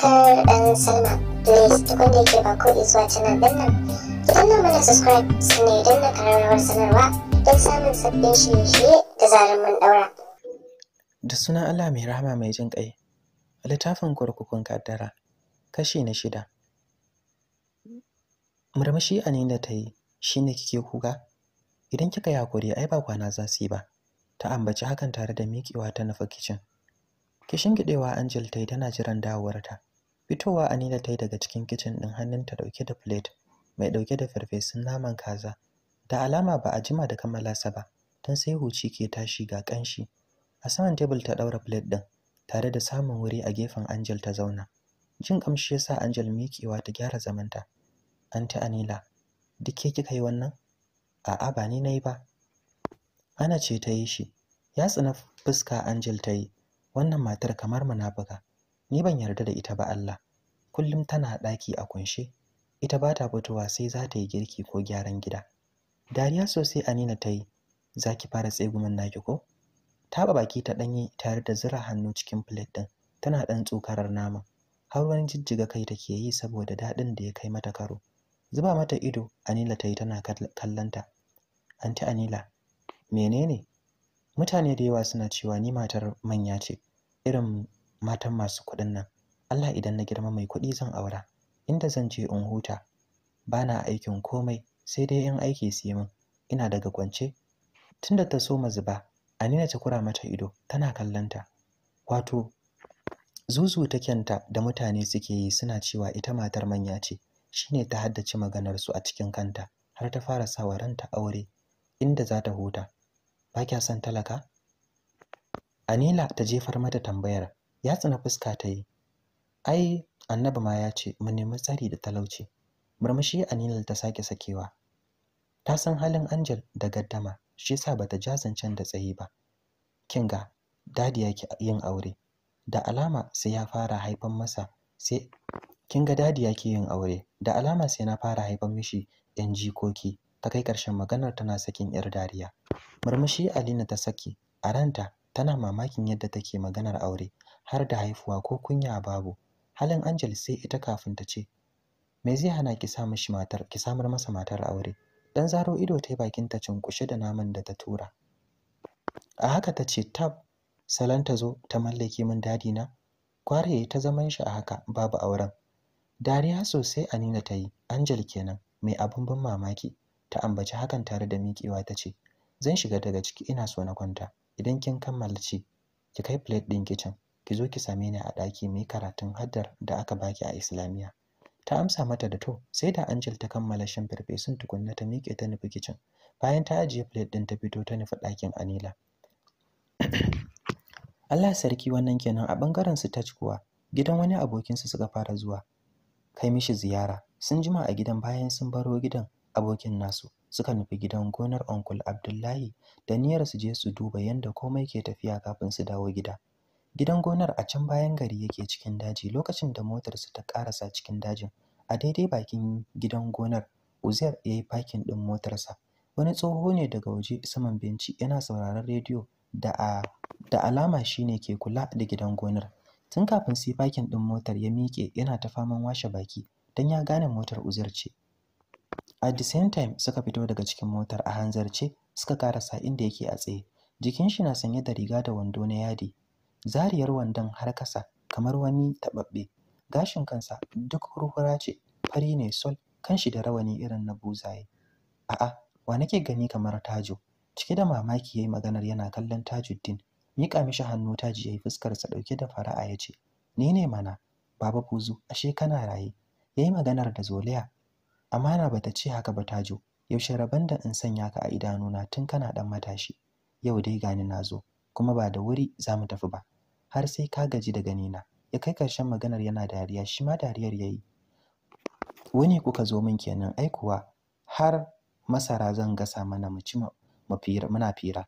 subscribe and sign up. Please tukun da yake ba ko zuwa canal din nan. Ki danna mana subscribe sannan idan na kararrawar sanarwa don samun sabbin shirye-shirye da zarar mun daura. Da sunan Allah mai rahama mai jin ƙai. Littafin kurkukun kaddara kashi na shida. Murmushi a da ta yi shi ne kike kuga? Idan kika yi hakuri ai ba kwana za su yi ba. Ta ambaci hakan tare da miƙewa ta nufa kicin. Kishin gidewa Angel ta yi tana jiran dawowarta. fitowa anila ta yi daga cikin kicin ɗin hannunta ɗauke da plate mai ɗauke da farfesun naman kaza da alama ba a jima da kammala sa ba don sai huci ke tashi ga ƙanshi a saman tebul ta ɗaura plate ɗin tare da samun wuri a gefen angel ta zauna jin ƙamshi ya sa angel miƙewa ta gyara zamanta anti anila duk ke kika yi wannan a'a ba ni na yi ba ana ce ta yi shi ya tsina fuska angel ta yi wannan matar kamar munafuka ni ban yarda da ita ba Allah kullum tana daki a kunshe ita ba ta fitowa sai za ta yi girki ko gyaran gida dariya sosai Anina ta yi za ki fara tsegumin naki ko taɓa baki ta ɗanyi tare da zura hannu cikin plate ɗin tana ɗan tsokarar nama har wani jijjiga kai take yi saboda daɗin da ya kai mata karo zuba mata ido Anila ta yi tana kallanta anti Anila menene mutane da yawa suna cewa ni matar manya ce irin matan masu kuɗin nan Allah idan na girma mai kuɗi zan aura inda zan je in huta bana aikin komai sai dai in aiki su yi min ina daga kwance tunda ta so mazuba Anina ta kura mata ido tana ta wato zuzu ta kyanta da mutane suke yi suna cewa ita matar manya ce shine ta haddace maganar su a cikin kanta har ta fara sawa ranta aure inda za ta huta ba kya son talaka Anila ta jefar mata tambayar ya tsina fuska ta yi ai annabi ma ya ce mu nemi tsari da talauci murmushi anilal ta sake sakewa ta san halin anjel da gaddama shi yasa bata jazancen da tsayi ba kinga dadi yake yin aure da alama sai ya fara haifan masa sai kinga dadi yake yin aure da alama sai na fara haifan mishi yan jikoki ta kai karshen maganar tana sakin yar dariya murmushi alina ta saki a ranta tana mamakin yadda take maganar aure har da haifuwa ko kunya babu halin Angel sai ita kafin ta ce me zai hana ki sa mishi matar ki samar masa matar aure dan zaro ido ta bakin ta cinkushe da naman da ta tura a haka ta ce tab salan ta zo ta mallaki min dadi na kware ta zaman shi a haka babu auren dariya sosai a Anina ta yi Angel kenan mai abin ban mamaki ta ambaci hakan tare da miƙewa ta ce zan shiga daga ciki ina so na kwanta idan kin kammala ci ki kai plate ɗin kicin. ki zo ki same ni a ɗaki mai karatun haddar da aka baki a Islamiyya. Ta amsa mata da to, sai da Angel ta kammala shan farfesun tukunna ta miƙe ta nufi kicin. Bayan ta ajiye plate ɗin ta fito ta nufi ɗakin Anila. Allah sarki wannan kenan a ɓangaren su ta kuwa gidan wani abokin su suka fara zuwa kai mishi ziyara sun jima a gidan bayan sun baro gidan abokin nasu suka nufi gidan gonar onkul abdullahi da niyyar su je su duba yadda komai ke tafiya kafin su dawo gida Gidan gonar a can bayan gari yake cikin daji lokacin da motarsa ta karasa cikin dajin. A daidai bakin gidan gonar, Uzair ya yi fakin ɗin motarsa. Wani tsoho ne daga waje saman benci yana sauraron rediyo da a da alama shine ke kula da gidan gonar. Tun kafin sai yi fakin ɗin motar ya miƙe yana ta faman washe baki don ya gane motar Uzair ce. At the same time suka fito daga cikin motar a hanzarce suka karasa inda yake a tsaye. Jikin shi na sanye da riga da wando na yadi zariyar wandon har kasa kamar wani taɓaɓɓe gashin kansa duk hurhura ce fari ne sol kanshi da rawani irin na buzaye a'a wa nake gani kamar tajo cike da mamaki yayi maganar yana kallon tajuddin miƙa mishi hannu taji yayi fuskar sa dauke da fara'a ya ce. ni ne mana baba fuzu ashe kana raye yayi maganar da zoliya amana bata ce haka ba tajo yaushe rabon da in sanya ka a idanuna tun kana dan matashi yau dai gani zo. kuma ba da wuri zamu tafi ba har sai ka gaji da ganina ya kai ƙarshen maganar yana dariya shi ma dariyar ya yi wani kuka zo min kenan ai kuwa har masara zan gasa mana mu ci muna fira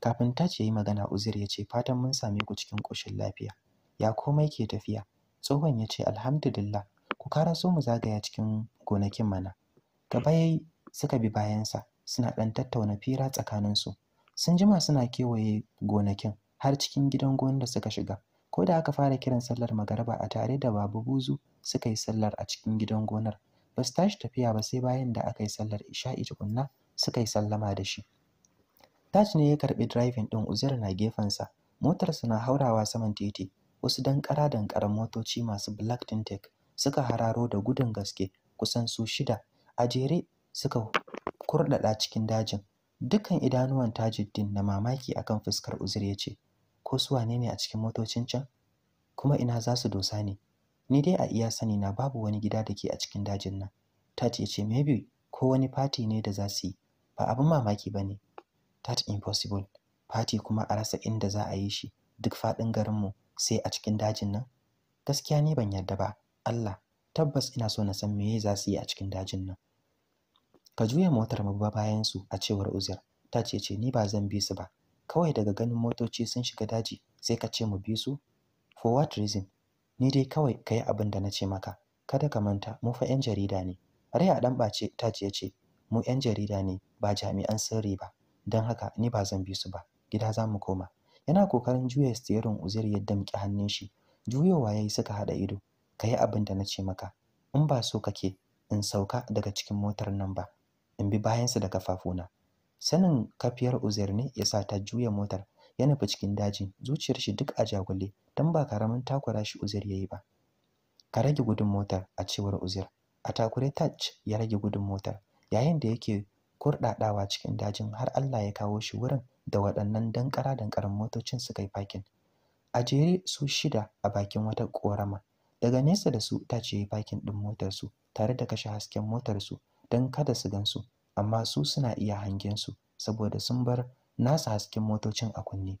kafin ta ce yi magana uzir ya ce fatan mun same ku cikin ƙoshin lafiya ya komai ke tafiya tsohon ya ce alhamdulillah ku kara so mu zagaya cikin gonakin mana gaba yayi suka bi bayansa suna ɗan tattauna fira tsakaninsu sun jima suna kewaye gonakin har cikin gidan gonan da suka shiga ko da aka fara kiran sallar magaraba a tare da babu buzu suka yi sallar a cikin gidan gonar ba su tashi tafiya ba sai bayan da aka yi sallar isha'i tukunna suka yi sallama da shi Taj ne ya karɓi driving ɗin Uzair na gefensa motarsa na haurawa saman titi wasu dankara dankaran motoci masu black tintek suka hararo da gudun gaske kusan su shida a jere suka kurɗaɗa cikin dajin dukkan idanuwan tajuddin na mamaki akan fuskar uzur ya ce ko su wane ne a cikin motocin can kuma ina za su dosa ni? ni dai a iya sani na babu wani gida da ke a cikin dajin nan Ta ya ce maybe ko wani party ne da za su yi ba abin mamaki ba ne tat impossible party kuma a rasa inda za a yi shi duk faɗin garinmu sai a cikin dajin nan gaskiya ni ban yarda ba Allah tabbas ina so na san meye za su yi a cikin dajin nan ka juya motar mu ba bayan su a cewar Uzair ta ce ce ni ba zan bi su ba kawai daga ganin motoci sun shiga daji sai ka ce mu bi su for what reason ni dai kawai ka yi abin da na ce maka kada ka manta mu fa 'yan jarida ne raya dan ɓace ta ce ce mu 'yan jarida ne ba jami'an sirri ba don haka ni ba zan bi su ba gida za mu koma yana kokarin juya steering uzair ya muke hannun shi juyowa yayi suka haɗa ido ka yi abin da na ce maka in ba so kake in sauka daga cikin motar nan ba in bi bayansu da kafafuna sanin kafiyar uzair ne ya sa ta juya motar ya nufi cikin daji zuciyar shi duk a jagule don ba karamin takura shi uzair yi ba ka rage gudun motar a cewar uzair a takure touch ya rage gudun motar yayin da yake kurɗaɗawa cikin dajin har Allah ya kawo shi wurin da waɗannan dankara dankaran motocin suka yi fakin a jere su shida a bakin wata ƙorama daga nesa da su ta ce yi fakin ɗin motarsu tare da kashe hasken motarsu don kada su gansu amma su suna iya hangen su saboda sun bar nasu hasken motocin a kunne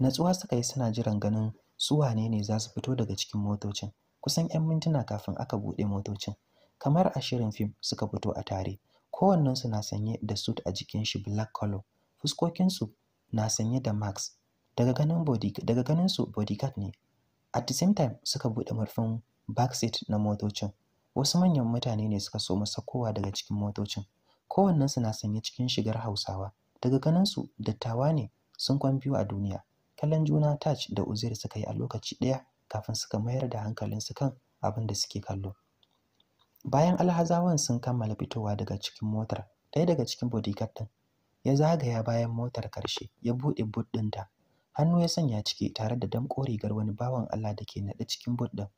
natsuwa suka yi suna jiran ganin su wane ne za su fito daga cikin motocin kusan 'yan mintuna kafin aka buɗe motocin kamar a shirin fim suka fito a tare kowannensu na sanye da suit a jikin shi black color fuskokinsu na sanye da max daga ganin body daga ganin su bodyguard ne at the same time suka buɗe murfin back na motocin wasu manyan mutane ne suka so masakowa daga cikin motocin kowannensu na sanye cikin shigar hausawa daga ganinsu dattawa ne sun kwan a duniya kallon juna taj da uzair suka yi a lokaci ɗaya kafin suka mayar da hankalinsu kan abin da suke kallo bayan alhazawan sun kammala fitowa daga cikin motar ɗaya daga cikin bodyguard ɗin ya zagaya bayan motar karshe ya buɗe but ɗinta hannu ya sanya ciki tare da damƙo rigar wani bawan Allah da ke naɗe cikin but ɗin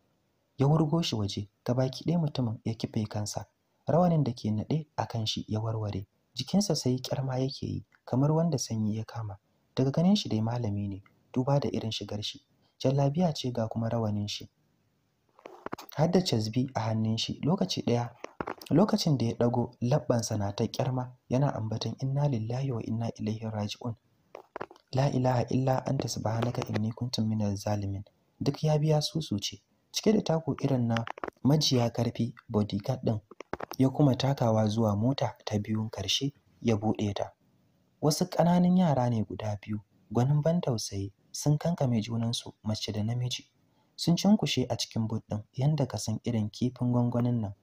ya wurgo shi waje gabaki ɗaya mutumin ya kife kansa rawanin da ke naɗe a kan shi ya warware jikinsa sai kyarma yake yi kamar wanda sanyi ya kama daga ganin shi dai malami ne duba da irin shigar shi jallabiya ce ga kuma rawanin shi har da cazbi a hannun shi lokaci ɗaya lokacin da ya ɗago labbansa na ta kyarma yana ambaton inna lillahi wa inna ilaihi raji'un la ilaha illa anta subhanaka inni kuntu minaz zalimin duk ya biya susu ce cike da tako irin na majiya karfi bodyguard din ya kuma takawa zuwa mota ta biyun karshe ya buɗe ta. Wasu ƙananan yara ne guda biyu, gwanin ban tausayi sun kankame junansu mace da namiji. Sun cunkushe a cikin but ɗin yadda ka san irin kifin gwangwanin nan.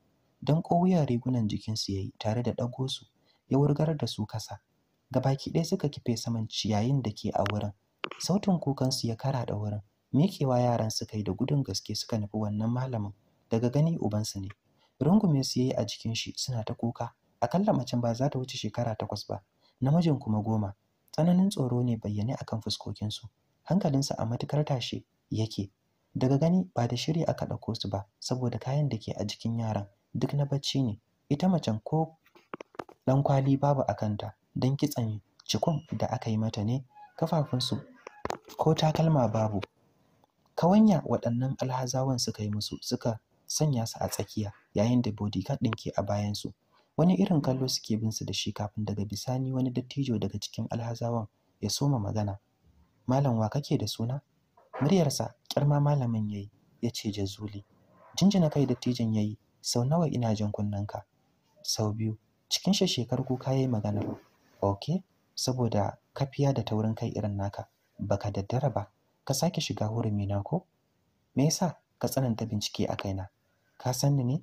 Don ko rigunan jikinsu ya yi tare da ɗago su ya wurgar da su kasa. Gabaki ɗaya suka kife saman ciyayin da ke a wurin. Sautin kukansu ya da wurin. Mikewa yaran suka yi da gudun gaske suka nufi wannan malamin. Daga gani ubansu ne. rungume su yayi a jikin shi suna ta kuka akalla macen ba za ta wuce shekara takwas ba namijin kuma goma tsananin tsoro ne bayyane akan fuskokinsu Hankalinsa a matukar tashi yake daga gani ba da shiri aka ɗauko su ba saboda kayan da ke a jikin yaran duk na bacci ne ita macen ko ɗan kwali babu a kanta don kitsan cikon da aka yi mata ne kafafunsu ko takalma babu kawanya waɗannan alhazawan suka yi musu suka sanya su a tsakiya yayin da bodyguard ɗin ke a bayansu wani irin kallo suke bin su da shi kafin daga bisani wani dattijo daga cikin alhazawan ya soma magana malam wa kake da suna muryarsa kyarma malamin yayi ya ce jazuli jinjina kai dattijon yayi sau nawa ina jan ka? sau biyu cikin shekar kuka yi magana ok saboda kafiya da taurin kai irin naka baka daddara ba ka sake shiga hurumi na ko me yasa ka tsananta bincike a kaina ka san ni ne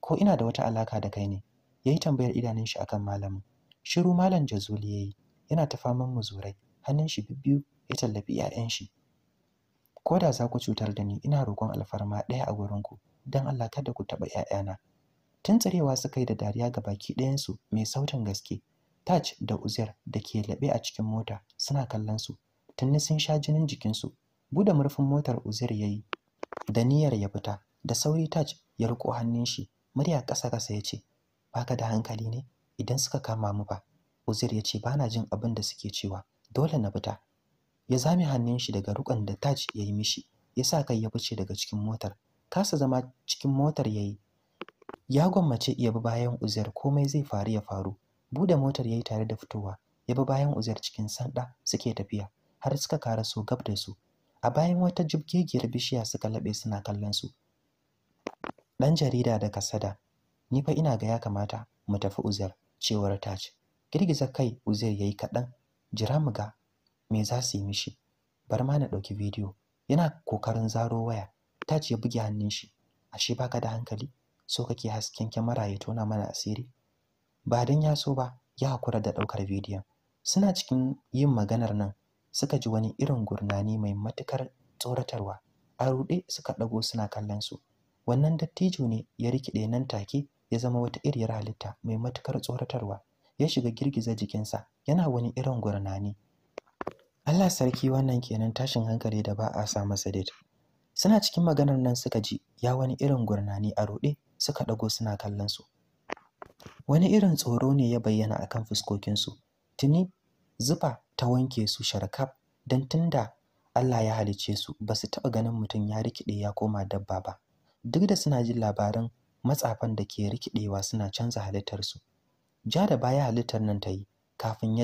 ko ina da wata alaka da kai ne yayi tambayar idanun shi akan malamin shiru malam jazuli yayi yana ta faman muzurai hannun shi bibbiyu ya tallafi 'ya'yan shi ko da za ku cutar da ni ina roƙon alfarma ɗaya a gurinku don Allah kada ku taɓa 'ya'yana tsarewa suka yi da dariya ga baki ɗayansu mai sautin gaske Taj da Uzair da ke laɓe a cikin mota suna kallon su tunni sun sha jinin jikinsu buɗe murfin motar Uzair ya yi da niyyar ya fita da sauri Taj ya riko hannun shi murya ƙasa ƙasa ya ce baka da hankali ne idan suka kama mu ba Uzir ya ce bana jin abin da suke cewa dole na fita ya zame hannun shi daga rukan da Taj ya yi mishi ya sa kai ya fice daga cikin motar kasa zama cikin motar ya yi. ya gwammace iya bi bayan Uzair komai zai faru ya faru bude motar ya yi tare da fitowa ya bi bayan Uzair cikin sanda suke tafiya har suka karaso gab da su a bayan wata jibgegiyar bishiya suka laɓe suna kallon su ɗan jarida da Sada, ni fa ina ga ya kamata mu tafi uzair cewar taj girgiza kai uzair yayi kaɗan jira mu ga me za su yi mishi bar ma na ɗauki bidiyo yana kokarin zaro waya taj ya buge hannun shi ashe baka da hankali so kake hasken kyamara ya tona mana asiri ba dan ya so ba ya hakura da ɗaukar bidiyon suna cikin yin maganar nan suka ji wani irin gurnani mai matukar tsoratarwa a ruɗe suka ɗago suna kallon su wannan dattijo ne ya rikide nan take ya zama wata iriyar halitta mai matukar tsoratarwa ya shiga girgiza jikinsa yana wani irin gurnani Allah sarki wannan kenan tashin hankali da ba a sa masa dai suna cikin maganar nan suka ji ya wani irin gurnani a rode suka ɗago suna kallon su wani irin tsoro ne ya bayyana akan fuskokin su tuni zufa ta wanke su sharkaf dan tunda Allah ya halicce su ba su taɓa ganin mutum ya rikide ya koma dabba ba duk da suna jin labaran matsafan da ke rikidewa suna canza halittarsu ja da baya halittar nan ta yi kafin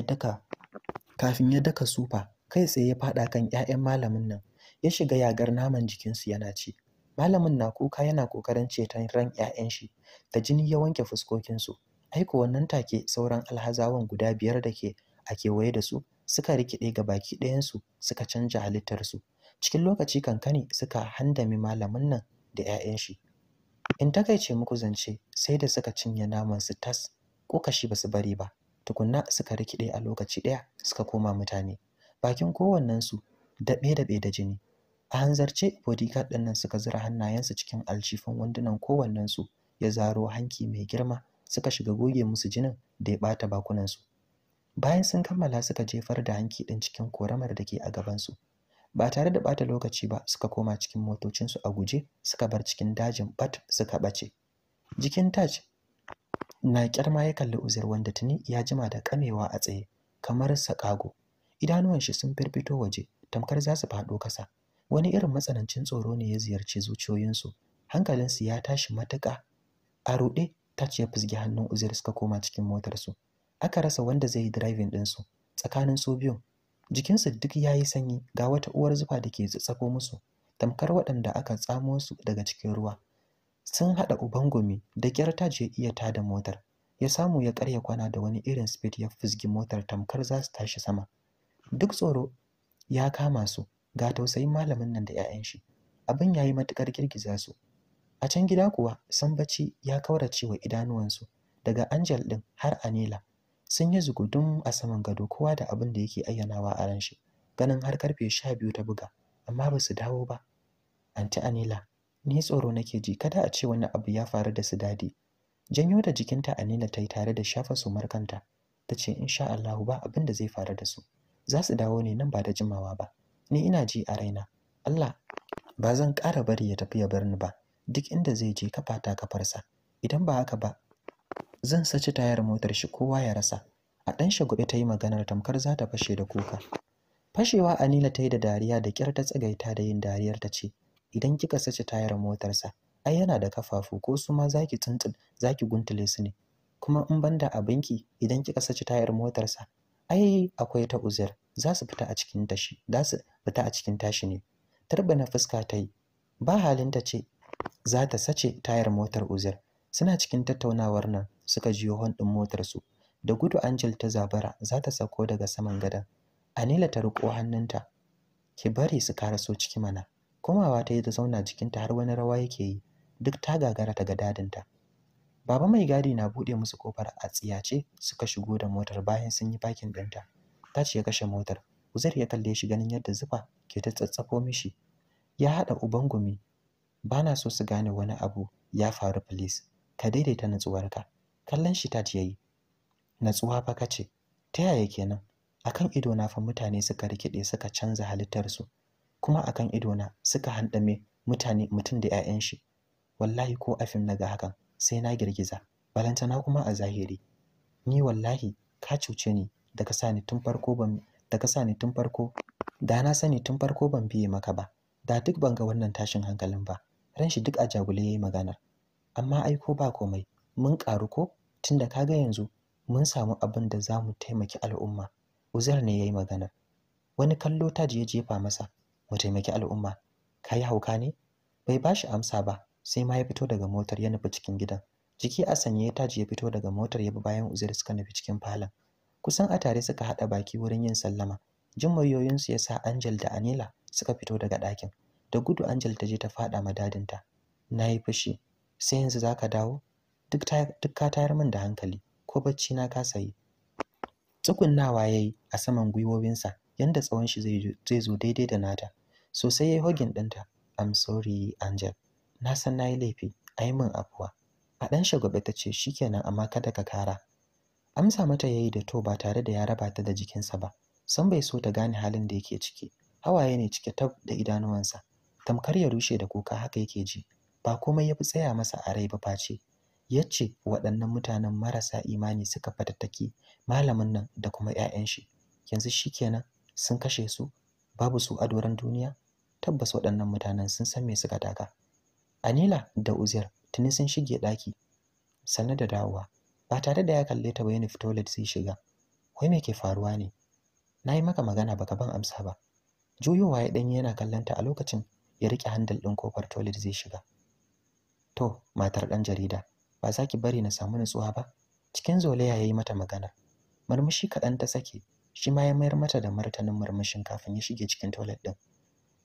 ya daka sufa kai tsaye ya fada kan 'ya'yan malamin nan ya shiga yagar naman jikinsu yana ce malamin na kuka yana kokarin ceton ran 'ya'yan shi da jini ya wanke fuskokinsu aiko wannan take sauran alhazawan guda biyar da ke a kewaye da su suka rikide ga baki ɗayansu suka canja halittarsu cikin lokaci kankani suka handami malamin nan da 'ya'yan shi in takaice muku zance sai da suka cinye naman su tas ko kashi basu bari ba tukunna suka rikide a lokaci ɗaya suka koma mutane bakin kowannen su daɓe dabe da jini a hanzarce bodyguard din nan suka zura hannayensu cikin aljifin wandunan kowannensu ya zaro hanki mai girma suka shiga goge musu jinin da ya bata bakunan su bayan sun kammala suka jefar da hanki ɗin cikin koramar da ke a gabansu. su ba tare da bata lokaci ba suka koma cikin motocinsu a guje suka bar cikin dajin bat suka bace jikin taj na ma ya kalli uzir wanda tuni ya jima da kamewa a tsaye kamar sakago idanuwan shi sun firfito waje tamkar za su faɗo kasa wani irin matsanancin tsoro ne ya ziyarci zuciyoyinsu hankalinsu ya tashi matuƙa a ruɗe taj ya fizgi hannun uzir suka koma cikin motarsu aka rasa wanda zai yi driving ɗinsu tsakanin su biyun jikinsu duk ya yi sanyi ga wata uwar zufa da ke tsako musu tamkar waɗanda aka tsamo su daga cikin ruwa sun haɗa uban gumi da ƙyar ta je iya da motar ya samu ya ƙarya kwana da wani irin speed ya fusgi motar tamkar za su tashi sama duk tsoro ya kama su ga tausayin malamin nan da 'ya'yan shi abin ya yi matuƙar girgiza su a can gida kuwa Sambaci ya kaurace wa idanuwansu daga angel ɗin har anila sun yi zugudun a saman gado kowa da abin da yake ayyanawa a ran shi ganin har karfe sha biyu ta buga amma ba su dawo ba anti anila ni tsoro nake ji kada a ce wani abu ya faru da su dadi janyo da jikinta anila ta yi tare da shafa su markanta ta ce insha Allah ba abin da zai faru da su za su dawo ne nan ba da jimawa ba ni ina ji a raina Allah ba zan ƙara bari ya tafi ya bar ba duk inda zai je kafa ta kafarsa idan ba haka ba zan saci tayar motar shi kowa ya rasa a ɗan shagube ta yi maganar tamkar za ta fashe da kuka fashewa anila ta yi da dariya da kyar ta tsagaita da yin dariyar ta ce idan kika saci tayar motarsa ai yana da kafafu ko su ma zaki tuntun zaki guntule su ne kuma in banda abinki idan kika saci tayar motarsa ai akwai ta uzir za su fita a cikin tashi za su fita a cikin tashi ne tarba na fuska ta yi ba halin ta ce za ta sace tayar motar uzir suna cikin tattaunawar nan suka jiyo hon ɗin motarsu da gudu Angel ta zabara za ta sako daga saman gadon Anila ta riko hannunta ki bari su karaso ciki mana komawa ta yi ta zauna jikinta har wani rawa yake yi duk ta gagara ta ga dadinta baba mai gadi na buɗe musu kofar a tsiyace suka shigo da motar bayan sun yi bakin ɗinta ta ce ya kashe motar Uzair ya kalle shi ganin yadda zufa ke ta tsatsafo mishi ya haɗa ubangumi. bana so su gane wani abu ya faru police, ka daidaita natsuwarka kallon shi tat yayi natsuwa fa kace ta yaya kenan akan ido na fa mutane suka rikide suka canza halittar su kuma akan ido na suka handame mutane mutum da 'ya'yan shi wallahi ko a fim naga hakan sai na girgiza balanta na kuma a zahiri ni wallahi ka cuce ni da sani tun farko ban daga sani tun farko da na sani tun farko ban biye maka ba da duk ban ga wannan tashin hankalin ba ran shi duk a jagule yayi maganar amma aiko ba komai mun ƙaru ko tunda kaga yanzu mun samu abin da za mu taimaki al'umma uzair ne ya yi magana wani kallo ta je jefa masa mu taimaki al'umma ka yi hauka ne bai ba shi amsa ba sai ma ya fito daga motar ya nufi cikin gidan jiki a sanye ya taji ya fito daga motar ya bi bayan uzair suka nufi cikin falon kusan a tare suka haɗa baki wurin yin sallama jin muryoyinsu ya sa angel da anila suka fito daga ɗakin da gudu angel ta je ta faɗa ma dadinta na yi fushi sai yanzu za ka dawo duk ka tayar min da hankali ko bacci na kasa yi tsukunnawa ya yi a saman gwiwowinsa yanda tsawon shi zai zo daidai da nata sosai ya yi hogin ɗinta i'm sorry angel na san na yi laifi a min afuwa a ɗan shagwabe ta ce shikenan amma kada ka kara amsa mata ya yi da to ba tare da ya raba ta da jikinsa ba san bai so ta gane halin da yake ciki hawaye ne cike tab da idanuwansa tamkar ya rushe da kuka haka yake ji ba komai ya fi tsaya masa a rai ba face ya ce waɗannan mutanen marasa imani suka fatattaki malamin nan da kuma 'ya'yan shi yanzu shi kenan sun kashe su babu su a doron duniya tabbas waɗannan mutanen sun san me suka taka anila da uzair tuni sun shige ɗaki Sannu da dawowa ba tare da ya kalle ta ba ya sai shiga wai me ke faruwa ne na yi maka magana baka ban amsa ba juyowa ya ɗanyi yana kallon ta a lokacin ya riƙe handal ɗin kofar toilet zai shiga to matar ɗan jarida ba za ki bari na samu nutsuwa ba cikin zolaya ya yi mata magana murmushi kaɗan ta sake shi ma ya mayar mata da martanin murmushin kafin ya shige cikin toilet ɗin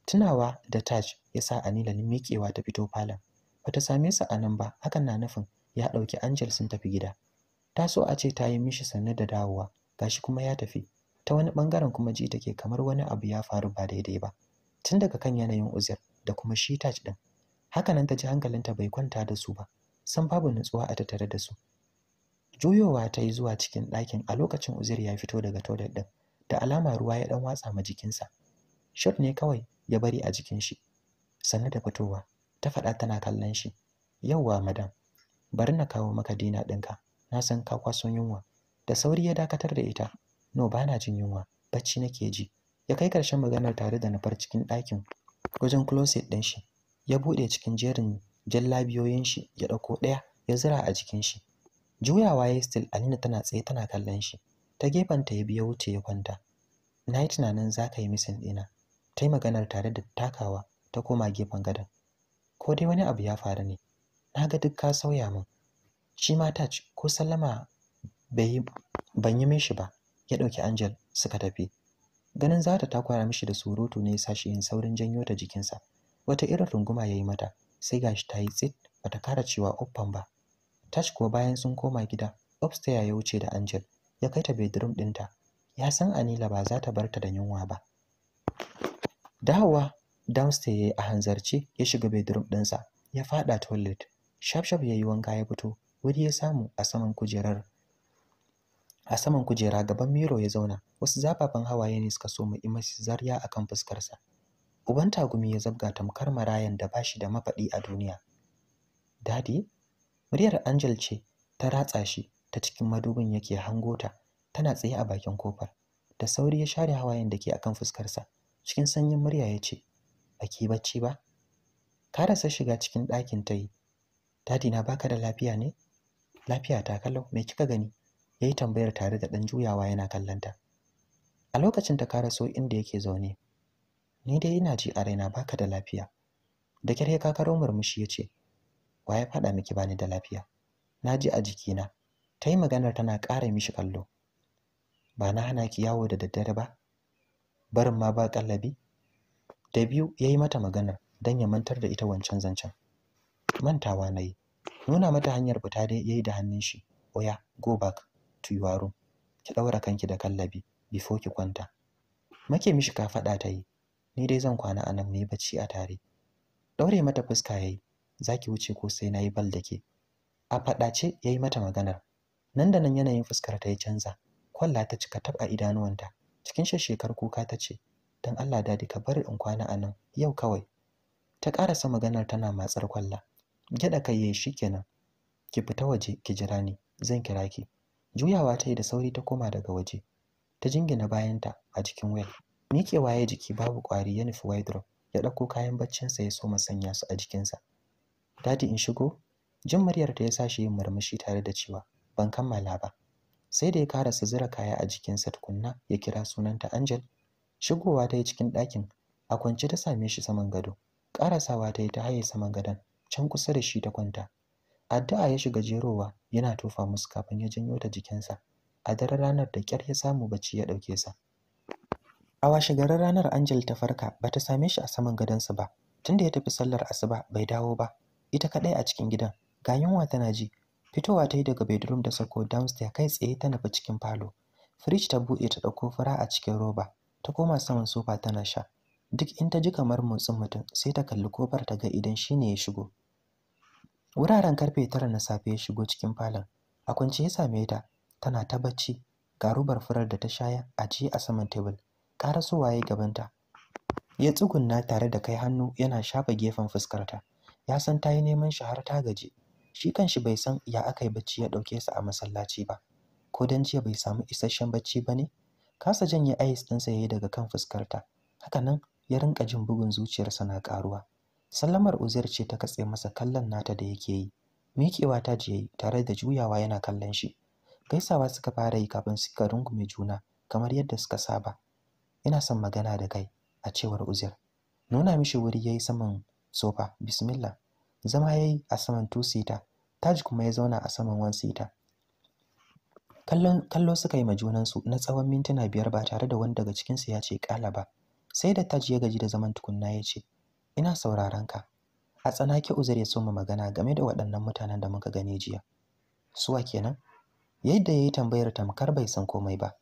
tunawa da taj ya sa anila miƙewa ta fito falon Ba ta same su a nan ba hakan na nufin ya ɗauki angel sun tafi gida ta so a ce ta yi mishi sannu da dawowa gashi kuma ya tafi ta wani ɓangaren kuma ji take kamar wani abu ya faru ba daidai ba tun daga kan yanayin uzir da kuma shi taj ɗin hakanan ta ji hankalinta bai kwanta da su ba san babu nutsuwa a tattare da su juyowa ta yi zuwa cikin ɗakin a lokacin uzair ya fito daga toilet ɗin da alama ruwa ya ɗan watsa ma jikinsa shot ne kawai ya bari a jikin shi sannu da fitowa ta faɗa tana kallon shi yauwa madam bari na kawo maka dina ɗinka na san ka kwaso yunwa da sauri ya dakatar da ita no bana jin yunwa bacci nake ji ya kai ƙarshen maganar tare da nufar cikin ɗakin wajen closet ɗin shi ya buɗe cikin jerin jallabiyoyin shi ya dauko ɗaya ya zura a jikin shi juyawa ya still alina tana tsaye tana kallon shi ta gefen ta ya biya wuce ya kwanta na yi tunanin za ka yi misin dina. ta yi maganar tare da takawa ta koma gefen gadon ko dai wani abu ya faru ne na ga duk ka sauya min shi ma taj ko sallama ban yi mishi ba ya ɗauki angel suka tafi ganin za ta takwara mishi da surutu ne ya in yin saurin janyo ta jikinsa wata irin runguma ya yi mata sai gashi ta yi tsit bata kara cewa uffan ba tash kuwa bayan sun koma gida upstairs ya wuce da angel ya kai ta bedroom ɗinta ya san anila ba za ta bar ta da yunwa ba dawowa downstairs ya yi a hanzarce ya shiga bedroom ɗinsa ya faɗa toilet shafshaf ya yi wanka ya fito wuri ya samu a saman kujerar a saman kujera gaban miro ya zauna wasu zafafan hawaye ne suka so mu zarya akan fuskarsa uban tagumi ya zabga tamkar marayan da bashi da mafaɗi a duniya dadi muryar angel ce ta ratsa shi ta cikin madubin yake ta, tana tsaye a bakin kofar da sauri ya share hawayen da ke akan fuskarsa cikin sanyin murya ya ce baki bacci ba ka rasa shiga cikin ɗakin ta yi dadi na baka da lafiya ne lafiya ta kallo, me kika gani yayi tambayar tare da ɗan juyawa yana kallanta a lokacin ta karaso inda yake zaune ni dai ina ji a raina baka da lafiya da kyar ka karo murmushi ce. wa ya faɗa miki bani da lafiya na ji a jikina ta yi maganar tana ƙara mishi kallo ba na hana ki yawo da daddare ba barin ma ba ƙallabi? da biyu ya yi mata maganar don ya mantar da ita wancan zancen mantawa na yi nuna mata hanyar fita dai ya yi da hannun shi oya go back to your room ki ɗaura kanki da kallabi before ki kwanta make mishi ka faɗa ta yi ni dai zan kwana a nan mu yi bacci a tare Ɗaure mata fuska yayi ki wuce ko sai na yi bal da ke. a faɗace ya yi mata maganar nan da nan yanayin fuskar ta ya canza kwalla ta cika tab a idanuwanta cikin shekar kuka ta ce Don Allah dadi ka bar in kwana a nan yau kawai ta ƙarasa maganar tana matsar kwalla gyaɗa kai yayi kenan. ki fita waje ki jira ni zan kira ki juyawa ta yi da sauri ta koma daga waje ta jingina bayanta a cikin wayar ke waye jiki babu ƙwari ya nufi wardrobe ya ɗauko kayan baccinsa ya soma sanya su a jikinsa. Dadi in shigo? Jin muryar ta ya sa shi yin murmushi tare da cewa ban kammala ba. Sai da ya karasa zura kaya a jikinsa tukunna ya kira sunanta Angel. Shigowa ta yi cikin ɗakin a kwance ta same shi saman gado. Ƙarasawa ta yi ta haye saman gadon can kusa da shi ta kwanta. Addu'a ya shiga jerowa yana tofa musu kafin ya janyo ta jikinsa. A daren ranar da kyar ya samu bacci ya ɗauke sa. A washe garin ranar Angel ta farka ba ta same shi a saman gadonsa ba, tunda ya tafi sallar asuba bai dawo ba, ita kaɗai a cikin gidan, ga yunwa tana ji. Fitowa ta yi daga bedroom da sako downstairs kai tsaye ta nufi cikin falo. Firij ta buɗe ta ɗauko fura a cikin roba, ta koma saman sofa tana sha. Duk in ta ji kamar motsin mutum sai ta kalli kofar ta ga idan shi ne ya shigo. Wuraren karfe tara na safe ya shigo cikin falon, a kwance ya same ta, tana ta bacci, ga rubar furar da ta shaya a a saman table. so waye gabanta ya tsugunna tare da kai hannu yana shafa gefen fuskarta ya san ta yi neman shi har ta gaji shi kanshi bai san ya aka yi bacci ya ɗauke su a masallaci ba ko don jiya bai samu isasshen bacci ba ne kasa janye ayis ɗinsa ya yi daga kan fuskarta nan, ya rinka jin bugun zuciyarsa na ƙaruwa sallamar uzair ce ta katse masa kallon nata da yake yi miƙewa ta je tare da juyawa yana kallon shi gaisawa suka fara yi kafin suka rungume juna kamar yadda suka saba ina son magana da kai a cewar uzir. nuna mishi wuri yayi saman sofa bismillah zama yayi a saman two seater Taji kuma ya zauna a saman one seater kallo suka yi ma junansu na tsawon mintuna biyar ba tare da wani daga cikinsu ya ce kala ba sai da Taj ya gaji da zaman tukunna ya ce ina sauraron ka a ke uzir ya soma magana game da waɗannan mutanen da muka gane jiya suwa kenan yadda yayi tambayar tamkar bai san komai ba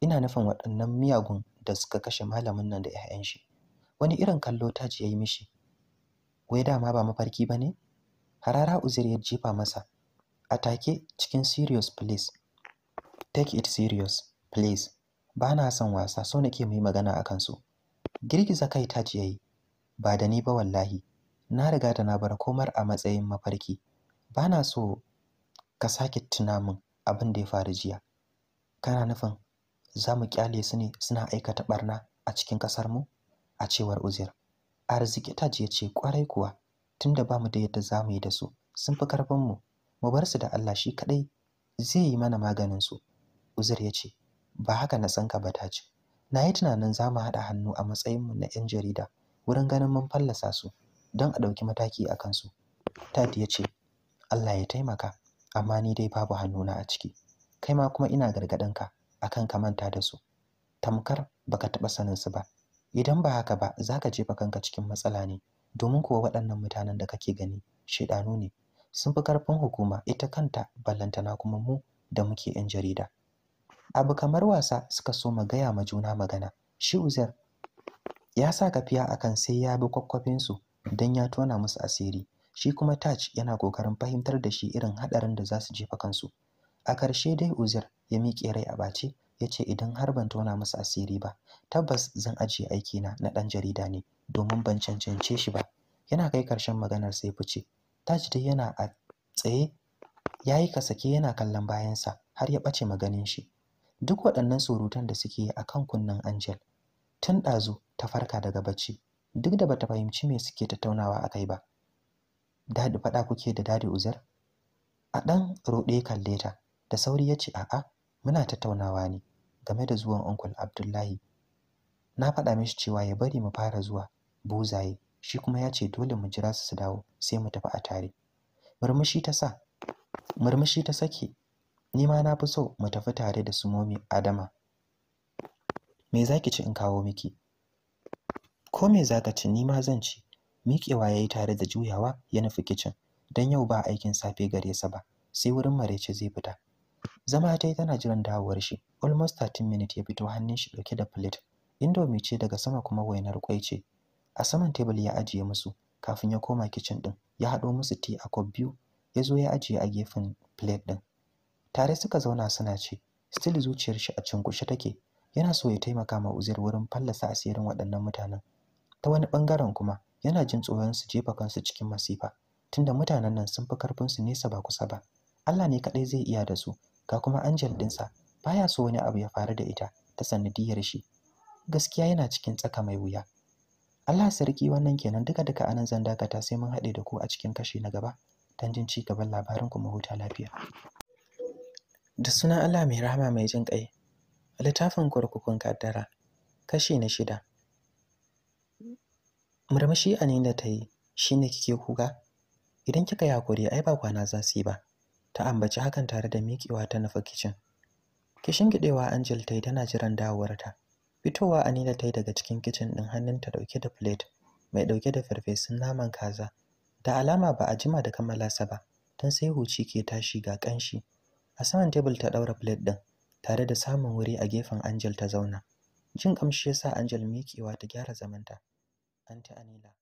ina nufin waɗannan miyagun da suka kashe malamin nan da 'ya'yan shi wani irin kallo taji yayi mishi wai dama ba mafarki ba ne? harara uzair ya jefa masa a take cikin serious please take it serious please ba na son wasa so nake mu yi magana a kansu girgiza kai taji yayi ba da ni ba wallahi na riga da na bar komar a matsayin mafarki ba na so ka sake tuna min abin da ya faru jiya kana nufin za mu kyale su ne suna aikata barna a cikin kasarmu a cewar uzir arziki taji ya ce kwarai kuwa tunda ba mu da yadda za mu yi da su sun fi karfinmu mu bar su da Allah shi kadai zai yi mana maganin su uzir ya ce ba haka na san ka ba ce." na yi tunanin za mu haɗa hannu a matsayinmu na 'yan jarida wurin ganin mun fallasa su don a ɗauki mataki a kansu Tadi ya ce Allah ya taimaka amma ni dai babu hannuna a ciki kai ma kuma ina gargaɗinka akan ka manta da su tamkar baka taɓa sanin su ba idan ba haka ba zaka jefa kanka cikin matsala ne domin kuwa waɗannan mutanen da kake gani shedanu ne sun fi karfin hukuma ita kanta ballantana kuma mu da muke yan jarida abu kamar wasa suka so mu gaya ma juna magana shi uzer ya sa kafiya akan sai ya bi kwakwafin su don ya tona musu asiri shi kuma Taj yana kokarin fahimtar da shi irin hadarin da za su jefa kansu a ƙarshe dai uzir ya miƙe rai a ɓace ya ce idan har ban tona masa asiri ba tabbas zan ajiye aikina na ɗan jarida ne domin ban cancance shi ba yana kai ƙarshen maganar sai fice taji dai yana a tsaye ya yi kasake yana kallon bayansa har ya ɓace maganin shi duk waɗannan surutan da suke yi a kan kunnen angel tun ɗazu ta farka daga bacci duk da bata fahimci me suke tattaunawa a kai ba dadi faɗa kuke da dadi uzir a ɗan roɗe kalle ta da sauri ya ce a'a muna tattaunawa ne game da zuwan uncle abdullahi na faɗa mishi cewa ya bari mu fara zuwa buzaye shi kuma ya ce dole mu jira su dawo sai mu tafi a tare murmushi ta sa murmushi ta sake ni ma na fi so mu tafi tare da su momi adama me zaki ci in kawo miki ko me zaka ci ni ma zan ci miƙewa yi tare da juyawa ya nufi kicin don yau ba aikin safe gare sa ba sai wurin maraice zai fita Zama ta yi tana jiran dawowar shi. Almost thirteen minutes ya fito hannun shi ɗauke da plate. Indomie ce daga sama kuma wainar kwai ce. A saman tebul ya ajiye musu kafin ya koma kicin ɗin, Ya haɗo musu tea a cup biyu ya zo ya ajiye a gefen plate ɗin. Tare suka zauna suna ci. Still zuciyar shi a cinkushe take. Yana so ya taimaka ma Uzair wurin fallasa asirin waɗannan mutanen. Ta wani ɓangaren kuma yana jin tsoron su jefa kansu cikin masifa tunda mutanen nan sun fi karfin su nesa ba kusa ba. Allah ne kadai zai iya da su ga kuma angel ɗinsa baya so wani abu ya faru da ita ta sanadiyar shi gaskiya yana cikin tsaka mai wuya Allah sarki wannan kenan duka duka anan zan dakata sai mun haɗe da ku a cikin kashi na gaba don jin ci gaban labarin kuma huta lafiya da sunan Allah mai rahama mai jin kai littafin kurkukun kaddara kashi na shida murmushi a da ta yi shine kike kuga idan kika yi hakuri ai ba kwana za su yi ba ta ambaci hakan tare da miƙewa ta nufa kicin kishin gidewa angel ta yi tana jiran dawowarta fitowa anila ta yi daga cikin kicin ɗin hannunta ɗauke da plate mai ɗauke da farfesun naman kaza da alama ba a jima da kammala sa ba don sai huci ke tashi ga ƙanshi a saman tebul ta ɗaura plate ɗin tare da samun wuri a gefen angel ta zauna jin ƙamshi ya sa angel miƙewa ta gyara zamanta anti anila